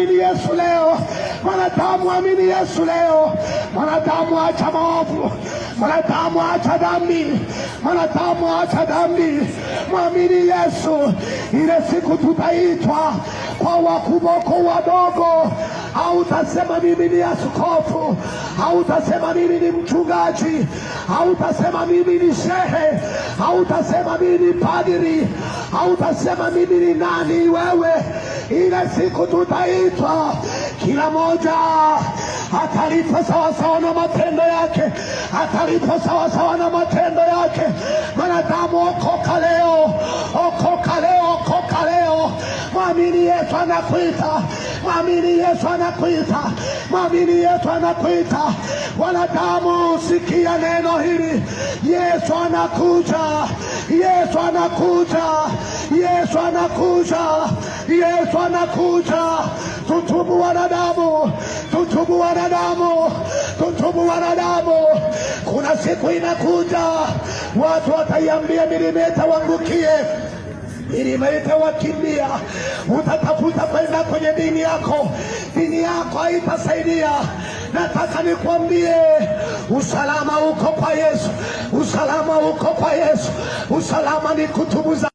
família é Suléu. Mwanadamu, amini Yesu leo. Mwanadamu, acha maovu. Mwanadamu, acha dhambi. Mwanadamu, acha dhambi, mwamini Yesu. Ile siku tutaitwa kwa wakubwa kwa wadogo Hautasema mimi ni askofu, hautasema mimi ni mchungaji, hautasema mimi ni shehe, hautasema mimi ni padiri, hautasema mimi ni nani. Wewe ile siku tutaitwa kila moja atalipa sawasawa na matendo yake, atalipa sawasawa na matendo yake. Mwanadamu, okoka leo, okoka leo, okoka leo. Mwamini Yesu anakuita, mwamini Yesu anakuita, mwamini Yesu anakuita. Wanadamu, sikia neno hili, Yesu anakuja, Yesu anakuja, Yesu anakuja, Yesu anakuja. Tutubu wanadamu, tutubu wanadamu, tutubu wanadamu. Kuna siku inakuja watu wataiambia milima itawangukie milima itawakimbia. Utatafuta kwenda kwenye dini yako, dini yako haitasaidia. Nataka nikwambie usalama uko kwa Yesu, usalama uko kwa Yesu, usalama ni kutubuza